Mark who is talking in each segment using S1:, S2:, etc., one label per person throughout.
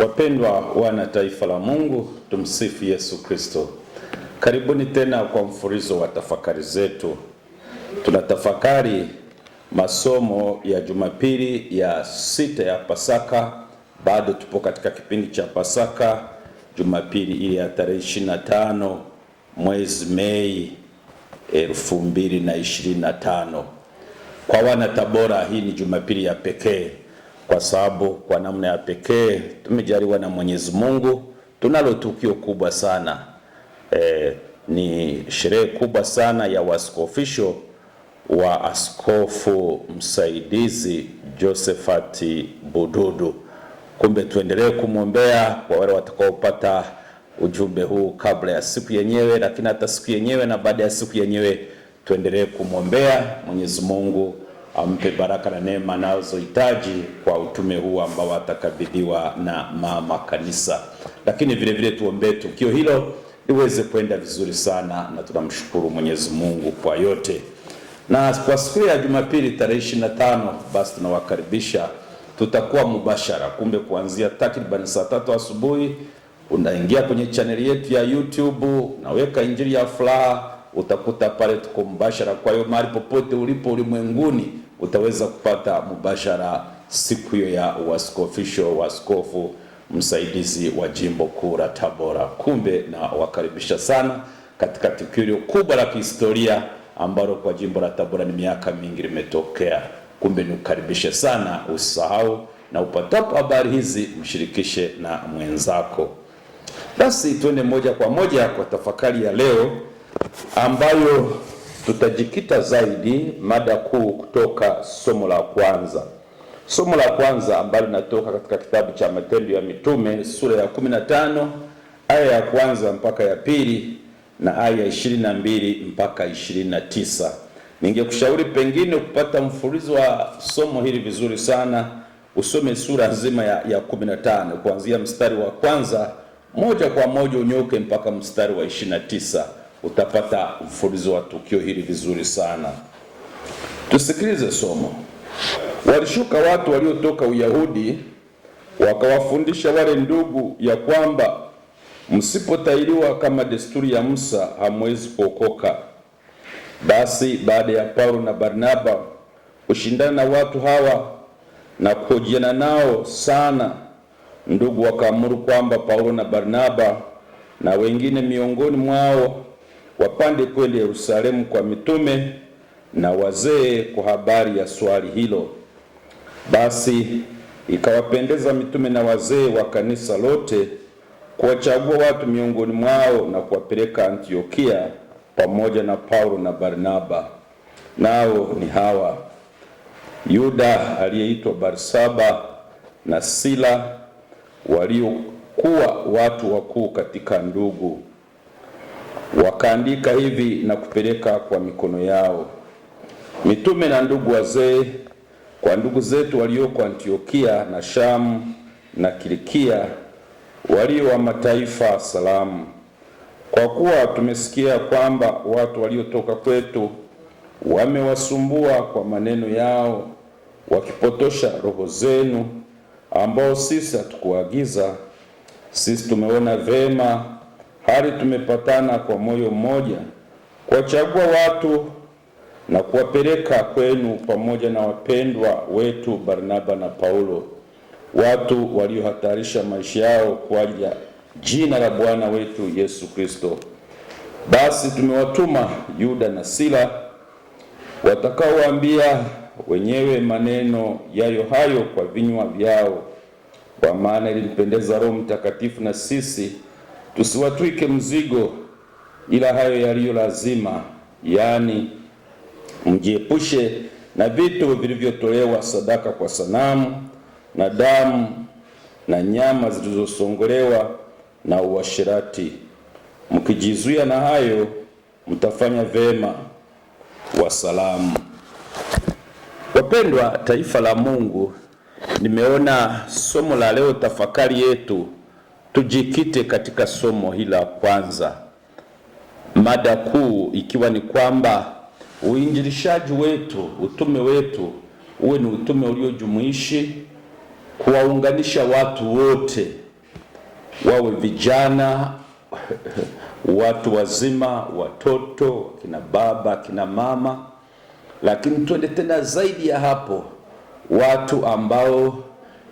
S1: Wapendwa wana taifa la Mungu, tumsifu Yesu Kristo. Karibuni tena kwa mfurizo wa tafakari zetu. Tunatafakari masomo ya Jumapili ya sita ya Pasaka bado tupo katika kipindi cha Pasaka, Jumapili ile ya tarehe 25 mwezi Mei 2025. Kwa wana Tabora, hii ni Jumapili ya pekee kwa sababu kwa namna ya pekee tumejaliwa na Mwenyezi Mungu, tunalo tukio kubwa sana e, ni sherehe kubwa sana ya waskofisho wa askofu msaidizi Josephat Bududu. Kumbe tuendelee kumwombea kwa wale watakaopata ujumbe huu kabla ya siku yenyewe, lakini hata siku yenyewe na baada ya siku yenyewe tuendelee kumwombea. Mwenyezi Mungu ampe baraka na neema anazohitaji kwa utume huu ambao atakabidhiwa na mama kanisa, lakini vile vile tuombee tukio hilo liweze kwenda vizuri sana, na tunamshukuru Mwenyezi Mungu kwa yote. Na kwa siku ya Jumapili tarehe 25 basi tunawakaribisha tutakuwa mubashara. Kumbe kuanzia takriban saa tatu asubuhi unaingia kwenye chaneli yetu ya YouTube, naweka Injili ya Furaha, utakuta pale tuko mubashara. Kwa hiyo mahali popote ulipo ulimwenguni utaweza kupata mubashara siku hiyo ya uaskofisho wa askofu msaidizi wa jimbo kuu la Tabora. Kumbe na wakaribisha sana katika tukio kubwa la kihistoria ambalo kwa jimbo la Tabora ni miaka mingi limetokea. Kumbe nikukaribishe sana, usisahau na upatapo habari hizi mshirikishe na mwenzako. Basi tuende moja kwa moja kwa tafakari ya leo ambayo tutajikita zaidi mada kuu kutoka somo la kwanza, somo la kwanza ambalo linatoka katika kitabu cha Matendo ya Mitume sura ya 15 aya ya kwanza mpaka ya pili na aya ya 22 mpaka 29. Ningekushauri pengine kupata mfululizo wa somo hili vizuri sana, usome sura nzima ya, ya 15 kuanzia mstari wa kwanza moja kwa moja unyoke mpaka mstari wa 29. Utapata mfululizo wa tukio hili vizuri sana. Tusikilize somo. Walishuka watu waliotoka Uyahudi wakawafundisha wale ndugu ya kwamba msipotailiwa kama desturi ya Musa hamwezi kuokoka. Basi baada ya Paulo na Barnaba kushindana na watu hawa na kuhojiana nao sana, ndugu wakaamuru kwamba Paulo na Barnaba na wengine miongoni mwao wapande kwenda Yerusalemu kwa mitume na wazee kwa habari ya swali hilo. Basi ikawapendeza mitume na wazee wa kanisa lote kuwachagua watu miongoni mwao na kuwapeleka Antiokia pamoja na Paulo na Barnaba, nao ni hawa: Yuda aliyeitwa Barsaba na Sila, waliokuwa watu wakuu katika ndugu. Wakaandika hivi na kupeleka kwa mikono yao: mitume na ndugu wazee, kwa ndugu zetu walioko Antiokia na Shamu na Kilikia, walio wa mataifa, salamu. Kwa kuwa tumesikia kwamba watu waliotoka kwetu wamewasumbua kwa maneno yao, wakipotosha roho zenu, ambao sisi hatukuagiza. Sisi tumeona vema, hali tumepatana kwa moyo mmoja, kuwachagua watu na kuwapeleka kwenu pamoja na wapendwa wetu Barnaba na Paulo, watu waliohatarisha maisha yao kwa ajili ya jina la Bwana wetu Yesu Kristo. Basi tumewatuma Yuda na Sila watakaowaambia wenyewe maneno yayo hayo kwa vinywa vyao, kwa maana ilimpendeza Roho Mtakatifu na sisi tusiwatwike mzigo ila hayo yaliyo lazima, yaani mjiepushe na vitu vilivyotolewa sadaka kwa sanamu na damu na nyama zilizosongolewa na uashirati Mkijizuia na hayo, mtafanya vema. Wasalamu. Wapendwa taifa la Mungu, nimeona somo la leo, tafakari yetu tujikite katika somo hili la kwanza, mada kuu ikiwa ni kwamba uinjilishaji wetu, utume wetu uwe ni utume uliojumuishi kuwaunganisha watu wote wawe vijana watu wazima, watoto, kina baba, kina mama, lakini twende tena zaidi ya hapo, watu ambao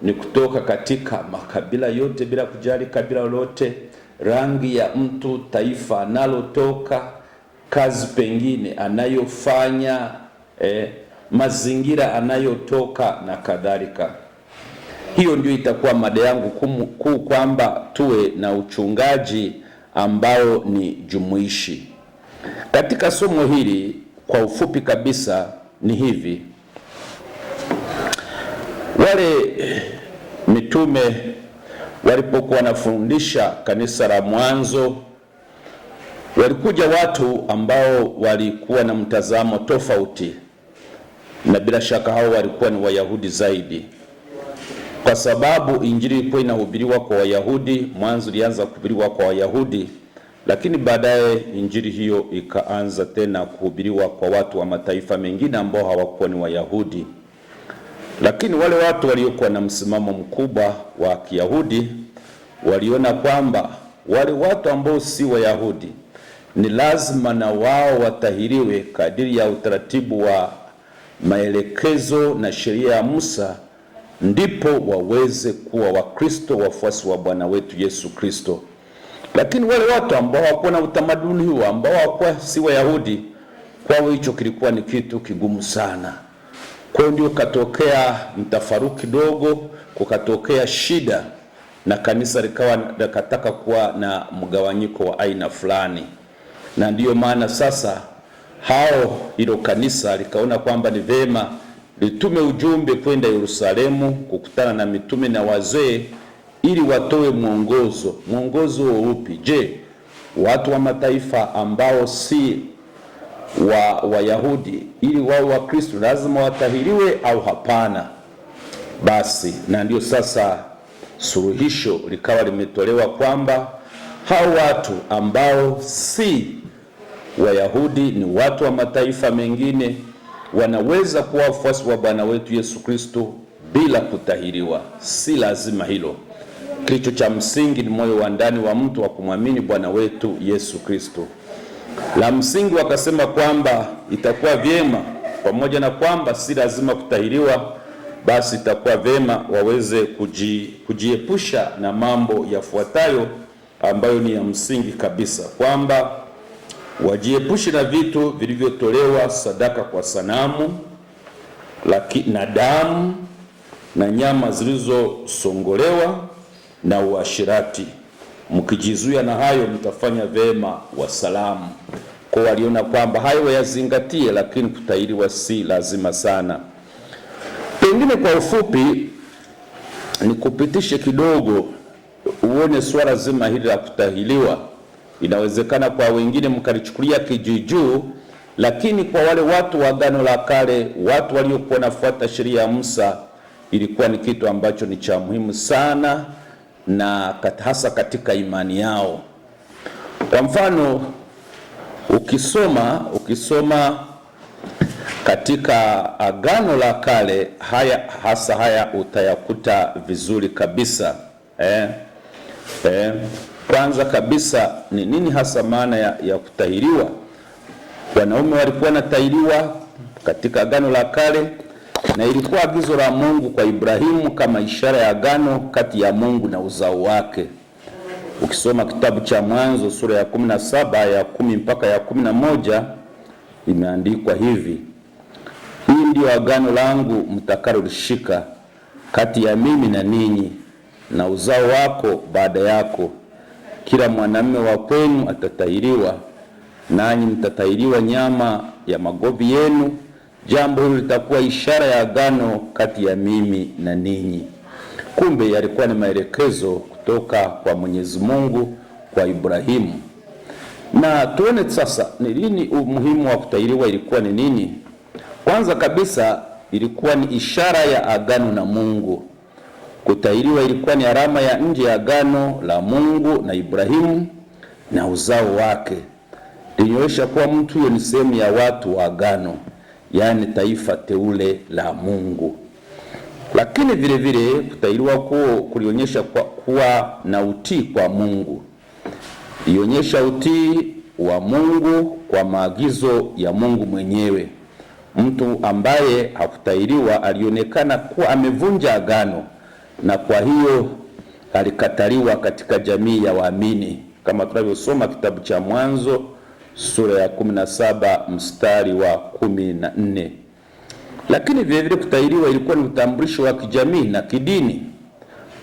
S1: ni kutoka katika makabila yote bila kujali kabila lolote, rangi ya mtu, taifa analotoka, kazi pengine anayofanya, eh, mazingira anayotoka na kadhalika hiyo ndio itakuwa mada yangu kuu, kwamba tuwe na uchungaji ambao ni jumuishi. Katika somo hili kwa ufupi kabisa ni hivi: wale mitume walipokuwa wanafundisha kanisa la mwanzo, walikuja watu ambao walikuwa na mtazamo tofauti, na bila shaka hao walikuwa ni Wayahudi zaidi kwa sababu injili ilikuwa inahubiriwa kwa Wayahudi. Mwanzo ilianza kuhubiriwa kwa Wayahudi, lakini baadaye injili hiyo ikaanza tena kuhubiriwa kwa watu wa mataifa mengine ambao hawakuwa ni Wayahudi. Lakini wale watu waliokuwa na msimamo mkubwa wa Kiyahudi waliona kwamba wale watu ambao si Wayahudi ni lazima na wao watahiriwe kadiri ya utaratibu wa maelekezo na sheria ya Musa ndipo waweze kuwa Wakristo wafuasi wa Bwana wetu Yesu Kristo. Lakini wale watu ambao hawakuwa na utamaduni huo, ambao hawakuwa si Wayahudi, kwao hicho kilikuwa ni kitu kigumu sana. Kwa ndio katokea mtafaruki kidogo, kukatokea shida na kanisa likawa likataka kuwa na mgawanyiko wa aina fulani, na ndiyo maana sasa hao hilo kanisa likaona kwamba ni vema litume ujumbe kwenda Yerusalemu kukutana na mitume na wazee ili watoe mwongozo. Mwongozo upi? Je, watu wa mataifa ambao si wa Wayahudi ili wao wa Kristo lazima watahiriwe au hapana? Basi na ndio sasa suluhisho likawa limetolewa kwamba hao watu ambao si Wayahudi ni watu wa mataifa mengine wanaweza kuwa wafuasi wa Bwana wetu Yesu Kristo bila kutahiriwa. Si lazima hilo. Kilicho cha msingi ni moyo wa ndani wa mtu wa kumwamini Bwana wetu Yesu Kristo. La msingi wakasema kwamba itakuwa vyema, pamoja na kwamba si lazima kutahiriwa, basi itakuwa vyema waweze kuji, kujiepusha na mambo yafuatayo ambayo ni ya msingi kabisa kwamba wajiepushe na vitu vilivyotolewa sadaka kwa sanamu laki, na damu na nyama zilizosongolewa na uashirati. Mkijizuia na hayo mtafanya vema wasalamu. Kwa waliona kwamba hayo wayazingatie, lakini kutahiriwa si lazima sana. Pengine kwa ufupi nikupitishe kidogo uone swala zima hili la kutahiriwa Inawezekana kwa wengine mkalichukulia kijujuu, lakini kwa wale watu wa Agano la Kale, watu waliokuwa nafuata sheria ya Musa, ilikuwa ni kitu ambacho ni cha muhimu sana, na hasa katika imani yao. Kwa mfano ukisoma ukisoma katika Agano la Kale haya hasa haya utayakuta vizuri kabisa eh, eh. Kwanza kabisa ni nini hasa maana ya, ya kutahiriwa? Wanaume walikuwa natahiriwa katika Agano la Kale na ilikuwa agizo la Mungu kwa Ibrahimu kama ishara ya agano kati ya Mungu na uzao wake. Ukisoma kitabu cha Mwanzo sura ya 17 ya kumi mpaka ya kumi imeandikwa hivi: hii ndiyo agano langu mtakalolishika kati ya mimi na ninyi na uzao wako baada yako kila mwanamume wa kwenu atatahiriwa, nanyi mtatahiriwa nyama ya magovi yenu. Jambo hilo litakuwa ishara ya agano kati ya mimi na ninyi. Kumbe yalikuwa ni maelekezo kutoka kwa Mwenyezi Mungu kwa Ibrahimu. Na tuone sasa ni lini umuhimu wa kutahiriwa ilikuwa ni nini? Kwanza kabisa ilikuwa ni ishara ya agano na Mungu. Kutahiriwa ilikuwa ni alama ya nje ya agano la Mungu na Ibrahimu na uzao wake. Lilionyesha kuwa mtu huyo ni sehemu ya watu wa agano, yaani taifa teule la Mungu. Lakini vile vile kutahiriwa kuo kulionyesha kuwa, kuwa na utii kwa Mungu. Ilionyesha utii wa Mungu kwa maagizo ya Mungu mwenyewe. Mtu ambaye hakutahiriwa alionekana kuwa amevunja agano na kwa hiyo alikataliwa katika jamii ya waamini kama tunavyosoma kitabu cha Mwanzo sura ya 17 mstari wa 14. Lakini vilevile kutahiriwa ilikuwa ni utambulisho wa kijamii na kidini.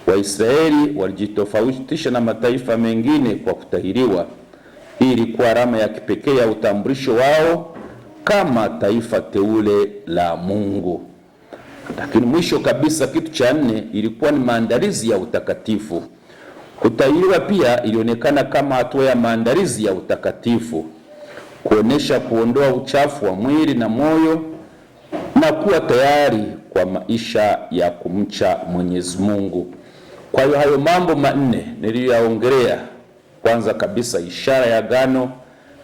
S1: Waisraeli walijitofautisha na mataifa mengine kwa kutahiriwa. Hii ilikuwa alama ya kipekee ya utambulisho wao kama taifa teule la Mungu. Lakini mwisho kabisa, kitu cha nne ilikuwa ni maandalizi ya utakatifu. Kutahiriwa pia ilionekana kama hatua ya maandalizi ya utakatifu, kuonesha kuondoa uchafu wa mwili na moyo na kuwa tayari kwa maisha ya kumcha Mwenyezi Mungu. Kwa hiyo hayo mambo manne niliyoyaongelea, kwanza kabisa ishara ya gano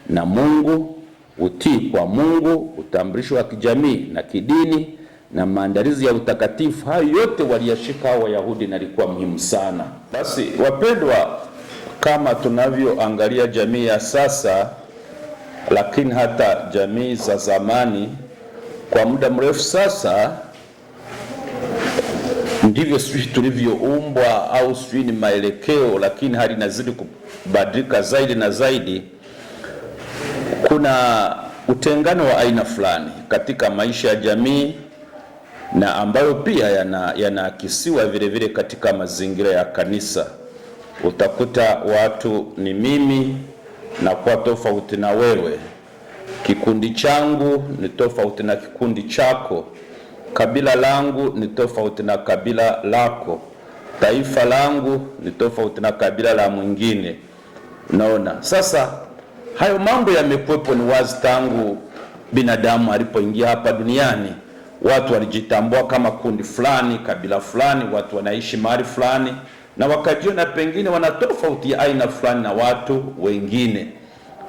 S1: na Mungu, utii kwa Mungu, utambulisho wa kijamii na kidini na maandalizi ya utakatifu, hayo yote waliyashika hao Wayahudi na ilikuwa muhimu sana. Basi wapendwa, kama tunavyoangalia jamii ya sasa, lakini hata jamii za zamani, kwa muda mrefu sasa ndivyo sisi tulivyoumbwa au sisi ni maelekeo, lakini hali inazidi kubadilika zaidi na zaidi. Kuna utengano wa aina fulani katika maisha ya jamii na ambayo pia yanaakisiwa yana vile vile katika mazingira ya kanisa. Utakuta watu ni mimi na kwa tofauti na wewe, kikundi changu ni tofauti na kikundi chako, kabila langu ni tofauti na kabila lako, taifa langu ni tofauti na kabila la mwingine. Unaona, sasa hayo mambo yamekuwepo, ni wazi tangu binadamu alipoingia hapa duniani watu walijitambua kama kundi fulani, kabila fulani, watu wanaishi mahali fulani, na wakajiona pengine wana tofauti ya aina fulani na watu wengine,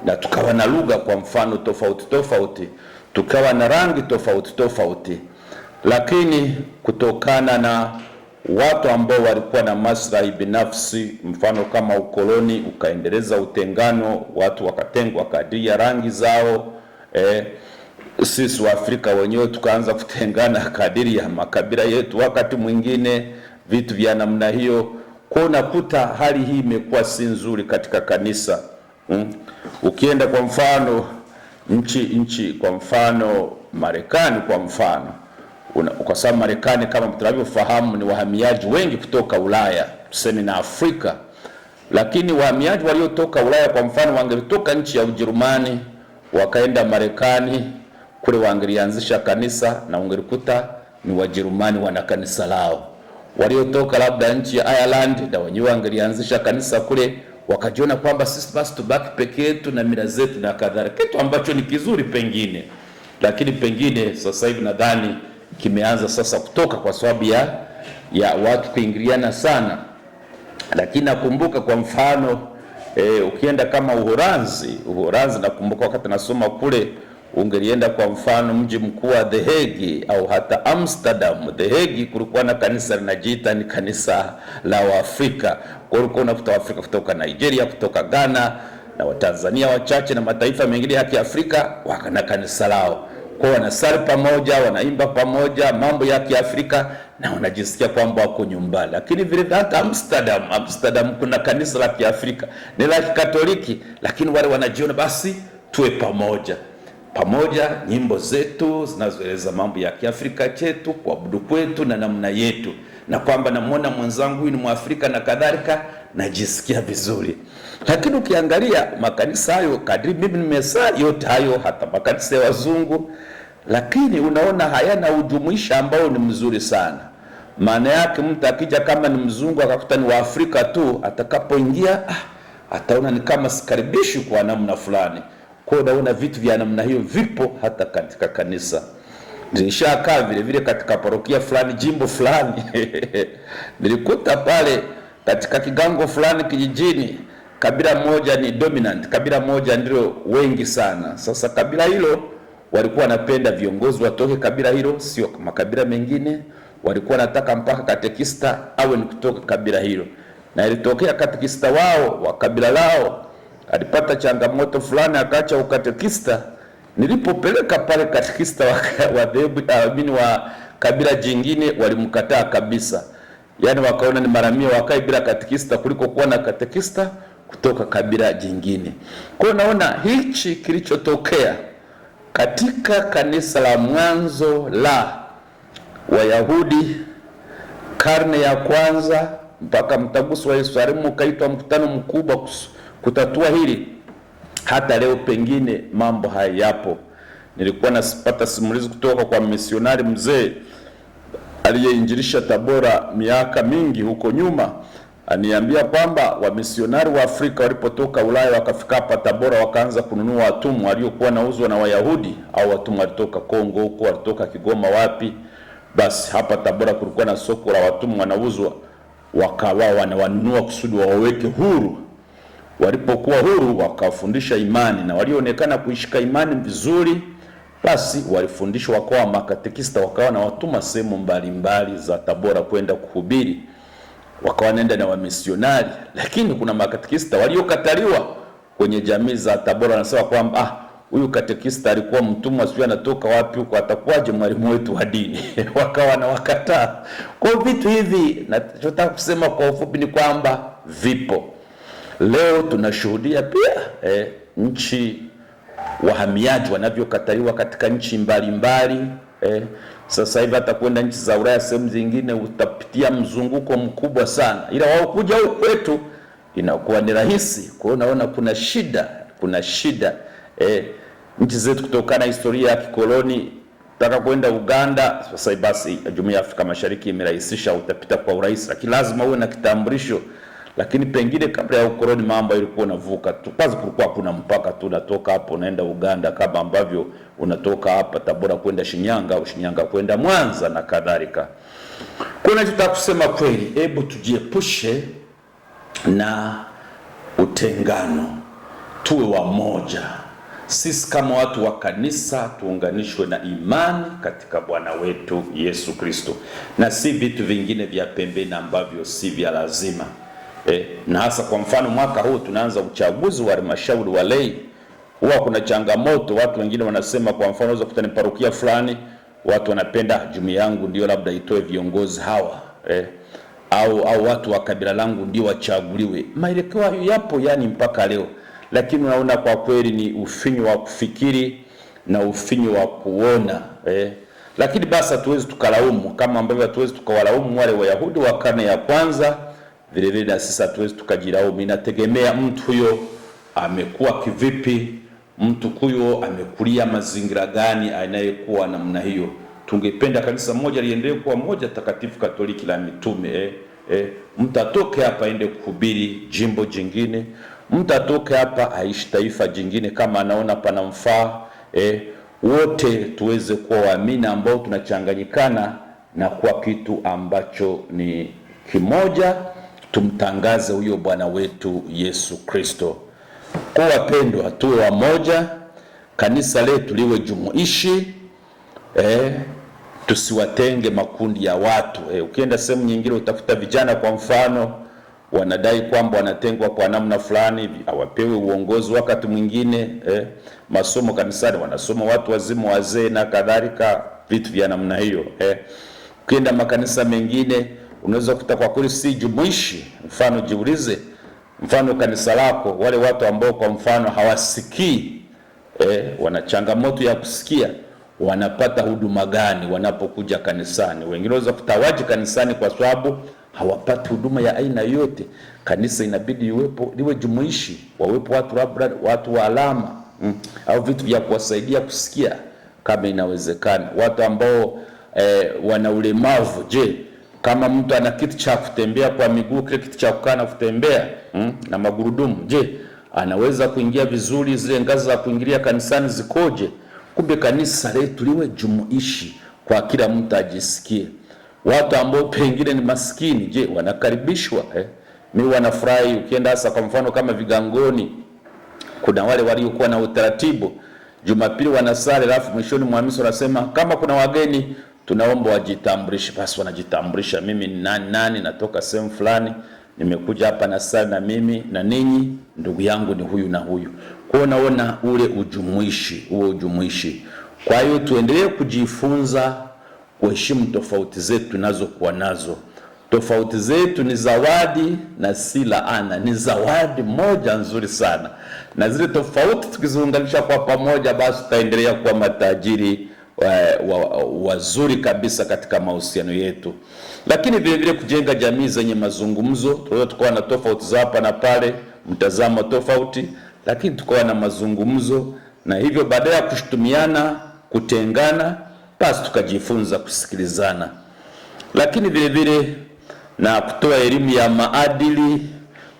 S1: na tukawa na lugha kwa mfano tofauti tofauti, tukawa na rangi tofauti tofauti, lakini kutokana na watu ambao walikuwa na maslahi binafsi, mfano kama ukoloni ukaendeleza utengano, watu wakatengwa kadri ya rangi zao eh, sisi wa Afrika wenyewe tukaanza kutengana kadiri ya makabila yetu, wakati mwingine vitu vya namna hiyo. Kwa unakuta hali hii imekuwa si nzuri katika kanisa mm. Ukienda kwa mfano nchi nchi, kwa mfano Marekani, kwa mfano una, kwa sababu Marekani kama tunavyofahamu ni wahamiaji wengi kutoka Ulaya tuseme na Afrika, lakini wahamiaji waliotoka Ulaya kwa mfano wangetoka nchi ya Ujerumani wakaenda Marekani kule wangelianzisha kanisa na Ungerikuta ni Wajerumani wana kanisa lao. Waliotoka labda nchi ya Ireland na wenyewe wangelianzisha kanisa kule, wakajiona kwamba sisi basi tubaki peke yetu na mila zetu na kadhalika, kitu ambacho ni kizuri pengine, lakini pengine sasa hivi nadhani kimeanza sasa kutoka kwa sababu ya, ya watu kuingiliana sana. Lakini nakumbuka kwa mfano e, ukienda kama Uholanzi, Uholanzi nakumbuka wakati nasoma kule Ungelienda kwa mfano mji mkuu wa The Hague au hata Amsterdam. The Hague kulikuwa na kanisa linajiita ni kanisa la Waafrika. Kwa hiyo ulikuwa unakuta kutoka Nigeria, kutoka Ghana na Watanzania wachache na mataifa mengine ya Kiafrika wakana kanisa lao. Kwa wanasali pamoja, wanaimba pamoja mambo ya Kiafrika na wanajisikia kwamba wako nyumbani. Lakini vile vile hata Amsterdam, Amsterdam kuna kanisa la Kiafrika. Ni la Katoliki, lakini wale wanajiona basi tuwe pamoja pamoja nyimbo zetu zinazoeleza mambo ya Kiafrika chetu kuabudu kwetu na namna yetu, na kwamba namwona mwenzangu huyu ni Mwafrika na kadhalika, najisikia vizuri. Lakini ukiangalia makanisa hayo, kadri mimi nimesa yote hayo, hata makanisa ya wazungu, lakini unaona hayana ujumuisha ambao ni mzuri sana. Maana yake mtu akija kama ni mzungu akakuta ni Waafrika tu, atakapoingia ah, ataona ni kama sikaribishi kwa namna fulani. Kwa hiyo naona vitu vya namna hiyo vipo hata katika kanisa. Nilishakaa vile vile katika parokia fulani, jimbo fulani nilikuta pale katika kigango fulani kijijini, kabila moja ni dominant, kabila moja ndio wengi sana. Sasa kabila hilo walikuwa wanapenda viongozi watoke kabila hilo, sio makabila mengine. Walikuwa wanataka mpaka katekista awe ni kutoka kabila hilo, na ilitokea katekista wao wa kabila lao alipata changamoto fulani akaacha ukatekista. Nilipopeleka pale katekista wa, wa, debu, amini ah, wa kabila jingine walimkataa kabisa, yaani wakaona ni maramia wakae bila katekista kuliko kuwa na katekista kutoka kabila jingine. Kwa hiyo naona hichi kilichotokea katika kanisa la mwanzo la Wayahudi karne ya kwanza mpaka mtaguso wa Yerusalemu ukaitwa mkutano mkubwa kutatua hili. Hata leo pengine mambo haya yapo. Nilikuwa nasipata simulizi kutoka kwa misionari mzee aliyeinjilisha Tabora miaka mingi huko nyuma, aniambia kwamba wamisionari wa Afrika walipotoka Ulaya wakafika hapa Tabora wakaanza kununua watumwa waliokuwa nauzwa na Wayahudi au watumwa walitoka Kongo huko walitoka Kigoma wapi, basi hapa Tabora kulikuwa na soko la watumwa wanauzwa, wakawa wanawanunua kusudi wawaweke huru Walipokuwa huru wakafundisha imani, na walioonekana kuishika imani vizuri, basi walifundishwa kwa makatekista, wakawa na watuma sehemu mbalimbali za Tabora kwenda kuhubiri, wakawa nenda na wamisionari. Lakini kuna makatekista waliokataliwa kwenye jamii za Tabora, wanasema kwamba ah, huyu katekista alikuwa mtumwa, sio anatoka wapi huko, atakuwaje mwalimu wetu wa dini? wakawa na wakataa. Kwa vitu hivi, nachotaka kusema kwa ufupi ni kwamba vipo. Leo tunashuhudia pia eh, nchi wahamiaji wanavyokataliwa katika nchi mbalimbali eh. Sasa hivi hata kwenda nchi za Ulaya sehemu zingine utapitia mzunguko mkubwa sana, ila wao kuja huku kwetu inakuwa ni rahisi. Kwa hiyo kuna shida, kuna shida eh, nchi zetu kutokana na historia ya kikoloni taka kwenda Uganda. Sasa basi, Jumuiya ya Afrika Mashariki imerahisisha, utapita kwa urahisi, lakini lazima uwe na kitambulisho lakini pengine kabla ya ukoloni mambo ilikuwa unavuka tu, kwanza kulikuwa hakuna mpaka tu, unatoka hapo unaenda Uganda kama ambavyo unatoka hapa Tabora kwenda Shinyanga au Shinyanga kwenda Mwanza na kadhalika. Kuna kitu kusema kweli, hebu tujiepushe na utengano, tuwe wamoja. Sisi kama watu wa kanisa tuunganishwe na imani katika Bwana wetu Yesu Kristo, na si vitu vingine vya pembeni ambavyo si vya lazima eh, na hasa kwa mfano mwaka huu tunaanza uchaguzi wa halmashauri wa lei, huwa kuna changamoto. Watu wengine wanasema, kwa mfano unaweza kukuta ni parokia fulani, watu wanapenda jumuiya yangu ndio labda itoe viongozi hawa eh, au, au watu wa kabila langu ndio wachaguliwe. Maelekeo hayo yapo yani mpaka leo, lakini unaona kwa kweli ni ufinyu wa kufikiri na ufinyu wa kuona eh. Lakini basi hatuwezi tukalaumu kama ambavyo hatuwezi tukawalaumu wale Wayahudi wa karne ya kwanza vile vile na sisi hatuwezi tukajilaumu, inategemea mtu huyo amekuwa kivipi, mtu huyo amekulia mazingira gani, anayekuwa namna hiyo. Tungependa kanisa moja liendelee kuwa moja takatifu Katoliki la mitume eh, eh. Mtu atoke hapa aende kuhubiri jimbo jingine, mtu atoke hapa aishi taifa jingine kama anaona panamfaa eh. Wote tuweze kuwa waamini ambao tunachanganyikana na kuwa kitu ambacho ni kimoja tumtangaze huyo Bwana wetu Yesu Kristo. Kwa wapendwa, tuwe wamoja, kanisa letu liwe jumuishi eh, tusiwatenge makundi ya watu eh. Ukienda sehemu nyingine utafuta vijana kwa mfano wanadai kwamba wanatengwa kwa namna fulani, hawapewi uongozi. Wakati mwingine eh, masomo kanisani wanasoma watu wazima, wazee na kadhalika, vitu vya namna hiyo eh. Ukienda makanisa mengine unaweza kukuta kwa kweli si jumuishi. Mfano, jiulize, mfano kanisa lako, wale watu ambao kwa mfano hawasikii eh, wana changamoto ya kusikia wanapata huduma gani wanapokuja kanisani? Wengine wanaweza kutawaji kanisani kwa sababu hawapati huduma ya aina yote. Kanisa inabidi iwepo, liwe jumuishi, wawepo watu labda watu wa alama mm, au vitu vya kuwasaidia kusikia kama inawezekana. Watu ambao eh, wana ulemavu, je kama mtu ana kiti cha kutembea kwa miguu, kile kiti cha kukaa na kutembea mm, na magurudumu, je, anaweza kuingia vizuri? Zile ngazi za kuingilia kanisani zikoje? Kumbe kanisa letu liwe jumuishi kwa kila mtu ajisikie. Watu ambao pengine ni maskini, je, wanakaribishwa eh? Mi wanafurahi ukienda, hasa kwa mfano kama Vigangoni, kuna wale waliokuwa na utaratibu Jumapili wanasali, alafu mwishoni mwa misa wanasema kama kuna wageni tunaomba wajitambulishe. Basi wanajitambulisha, mimi ni nani nani, natoka sehemu fulani, nimekuja hapa na sasa na mimi na ninyi, ndugu yangu ni huyu na huyu. Kwa hiyo naona ule ujumuishi huo ujumuishi. Kwa hiyo tuendelee kujifunza kuheshimu tofauti zetu tunazokuwa nazo. Tofauti zetu ni zawadi na si laana, ni zawadi moja nzuri sana, na zile tofauti tukiziunganisha kwa pamoja, basi tutaendelea kuwa matajiri Eh, wazuri kabisa katika mahusiano yetu, lakini vile vile kujenga jamii zenye mazungumzo. Tunaweza tukawa na tofauti za hapa na pale, mtazamo tofauti, lakini tukawa na mazungumzo, na hivyo baada ya kushutumiana, kutengana, basi tukajifunza kusikilizana, lakini vile vile na kutoa elimu ya maadili,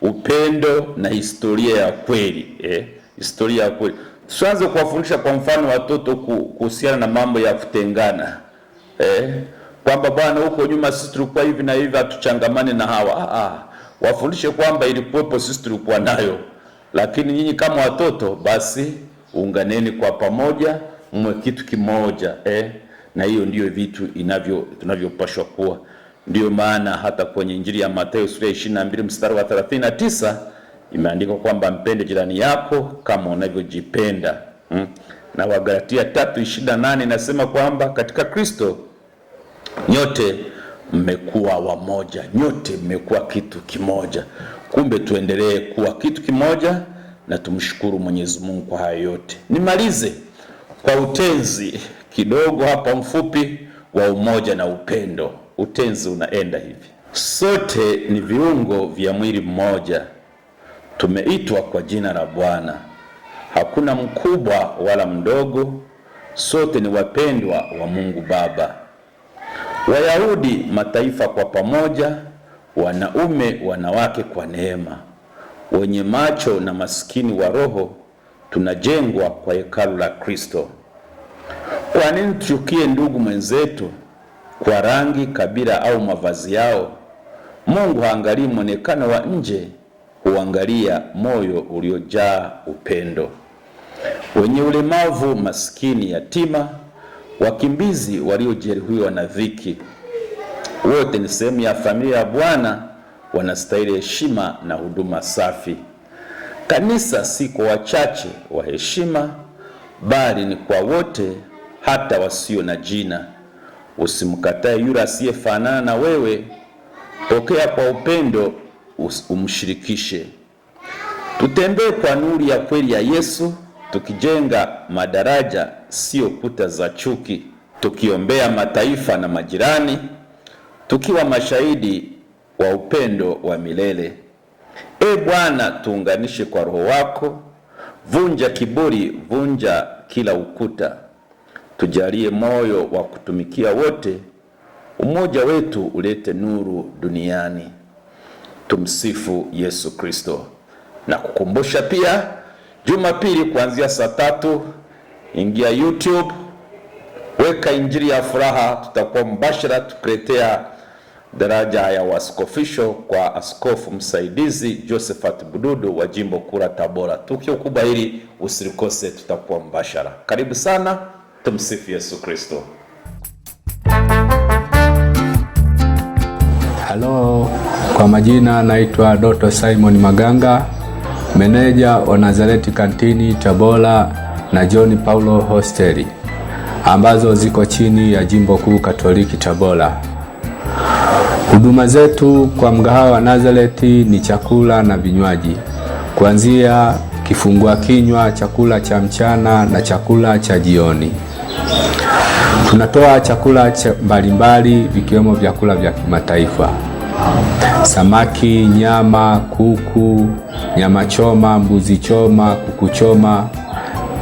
S1: upendo na historia ya kweli eh, historia ya kweli. Sianze kuwafundisha kwa mfano watoto kuhusiana na mambo ya kutengana eh, kwamba bwana, huko nyuma sisi tulikuwa hivi na hivi, hatuchangamane na hawa ah, ah. Wafundishe kwamba ilikuwepo, sisi tulikuwa nayo, lakini nyinyi kama watoto basi unganeni kwa pamoja, mwe kitu kimoja eh. Na hiyo ndiyo vitu inavyo tunavyopashwa kuwa. Ndiyo maana hata kwenye Injili ya Mathayo sura ya 22 mstari wa 39 imeandikwa kwamba mpende jirani yako kama unavyojipenda hmm? na Wagalatia 3:28 inasema kwamba katika Kristo nyote mmekuwa wamoja, nyote mmekuwa kitu kimoja. Kumbe tuendelee kuwa kitu kimoja na tumshukuru Mwenyezi Mungu kwa hayo yote. Nimalize kwa utenzi kidogo hapa mfupi wa umoja na upendo. Utenzi unaenda hivi: sote ni viungo vya mwili mmoja. Tumeitwa kwa jina la Bwana, hakuna mkubwa wala mdogo, sote ni wapendwa wa Mungu Baba. Wayahudi, mataifa kwa pamoja, wanaume, wanawake kwa neema, wenye macho na maskini wa roho, tunajengwa kwa hekalu la Kristo. Kwa nini tuchukie ndugu mwenzetu kwa rangi, kabila au mavazi yao? Mungu haangalii mwonekano wa nje huangalia moyo uliojaa upendo. Wenye ulemavu, maskini, yatima, wakimbizi, waliojeruhiwa na dhiki, wote ni sehemu ya familia ya Bwana, wanastahili heshima na huduma safi. Kanisa si kwa wachache wa heshima, bali ni kwa wote, hata wasio na jina. Usimkatae yule asiyefanana na wewe, pokea kwa upendo umshirikishe. Tutembee kwa nuru ya kweli ya Yesu, tukijenga madaraja, sio kuta za chuki, tukiombea mataifa na majirani, tukiwa mashahidi wa upendo wa milele. E Bwana, tuunganishe kwa Roho wako. Vunja kiburi, vunja kila ukuta, tujalie moyo wa kutumikia wote. Umoja wetu ulete nuru duniani. Tumsifu Yesu Kristo. Na kukumbusha pia Jumapili kuanzia saa tatu, ingia YouTube, weka Injili ya Furaha, tutakuwa mbashara tukuletea daraja ya waskofisho kwa askofu msaidizi Josephat Bududu wa jimbo kura Tabora. Tukio kubwa hili usilikose, tutakuwa mbashara. Karibu sana.
S2: Tumsifu Yesu Kristo. Halo. Kwa majina naitwa Doto Simon Maganga, meneja wa Nazareti Kantini Tabora na John Paulo Hosteli ambazo ziko chini ya Jimbo Kuu Katoliki Tabora. Huduma zetu kwa mgahawa wa Nazareti ni chakula na vinywaji kuanzia kifungua kinywa, chakula cha mchana na chakula cha jioni. Tunatoa chakula mbalimbali vikiwemo vyakula vya kimataifa samaki, nyama, kuku, nyama choma, mbuzi choma, kuku choma,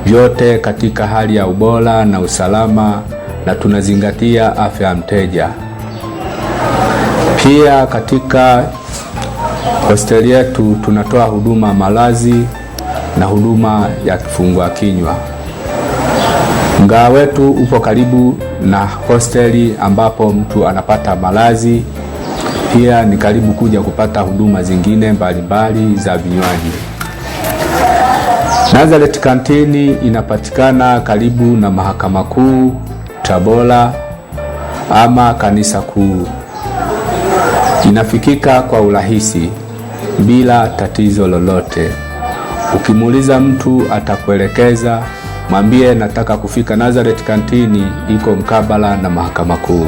S2: vyote katika hali ya ubora na usalama, na tunazingatia afya ya mteja. Pia katika hosteli yetu tunatoa huduma malazi na huduma ya kifungua kinywa. Mgahawa wetu upo karibu na hosteli ambapo mtu anapata malazi pia ni karibu kuja kupata huduma zingine mbalimbali za vinywaji. Nazareth Kantini inapatikana karibu na Mahakama Kuu Tabora ama Kanisa Kuu. Inafikika kwa urahisi bila tatizo lolote. Ukimuuliza mtu atakuelekeza. Mwambie nataka kufika Nazareth Kantini, iko mkabala na Mahakama Kuu.